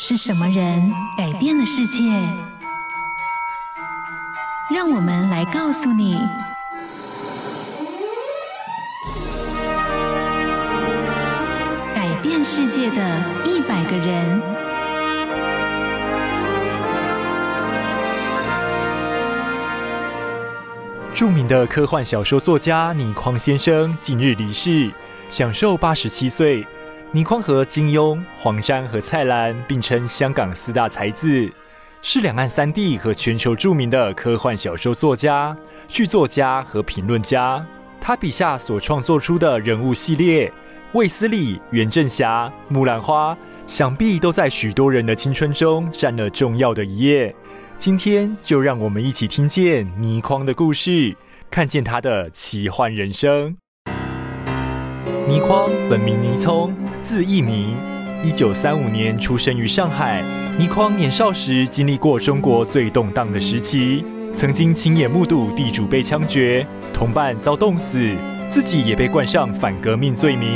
是什麼人改變了世界？讓我們來告訴你：改變世界的一百個人。著名的科幻小說作家倪匡先生近日離世，享壽八十七歲。倪匡和金庸、黃霑和蔡瀾並稱香港四大才子，是兩岸三地和全球著名的科幻小說作家、劇作家和評論家。他筆下所創作出的人物系列——衛斯理、原振俠、木蘭花，想必都在許多人的青春中占了重要的一頁。今天就讓我們一起聽見倪匡的故事，看見他的奇幻人生。倪匡本名倪聰，字亦明，一九三五年出生於上海。倪匡年少時經歷過中國最動盪的時期，曾經親眼目睹地主被槍決，同伴遭凍死，自己也被冠上反革命罪名。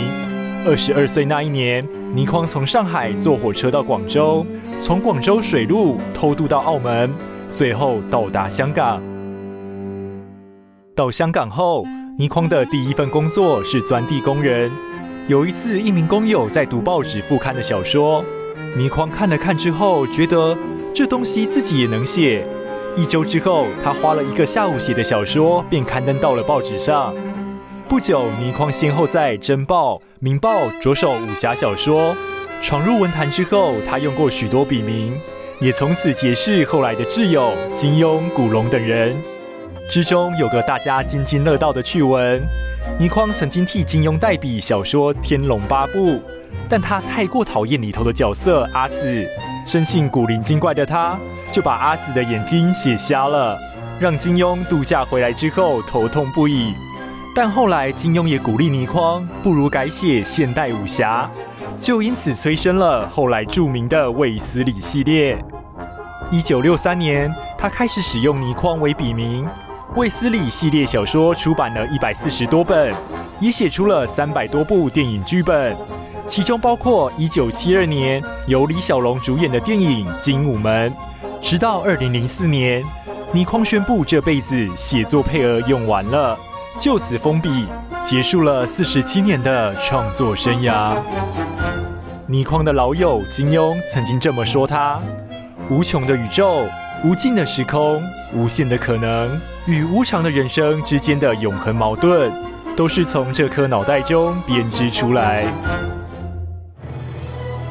二十二歲那一年，倪匡從上海坐火車到廣州，從廣州水路偷渡到澳門，最後到達香港。到香港後，倪匡的第一份工作是鑽地工人。有一次，一名工友在讀報紙副刊的小說，倪匡看了看之後，覺得這東西自己也能寫。一周之後，他花了一個下午寫的小說便刊登到了報紙上。不久，倪匡先後在《真報》《明報》着手武俠小說。闖入文壇之後，他用過許多筆名，也從此結識後來的摯友金庸、古龍等人。之中有個大家津津樂道的趣聞，倪匡曾經替金庸代筆小說《天龍八部》，但他太過討厭裡頭的角色阿紫，生性古靈精怪的他，就把阿紫的眼睛寫瞎了，讓金庸度假回來之後頭痛不已。但後來金庸也鼓勵倪匡，不如改寫現代武俠，就因此催生了後來著名的衛斯理系列。一九六三年，他開始使用倪匡為筆名。衛斯理系列小說出版了一百四十多本，也寫出了三百多部電影劇本，其中包括一九七二年由李小龍主演的電影《精武門》。直到二零零四年，倪匡宣布這輩子寫作配額用完了，就此封筆，結束了四十七年的創作生涯。倪匡的老友金庸曾經這麼說他：“無窮的宇宙。”無盡的時空、無限的可能與無常的人生之間的永恆矛盾，都是從這顆腦袋中編織出來。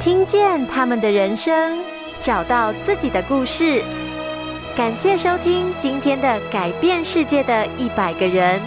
聽見他們的人生，找到自己的故事。感謝收聽今天的《改變世界的一百個人》。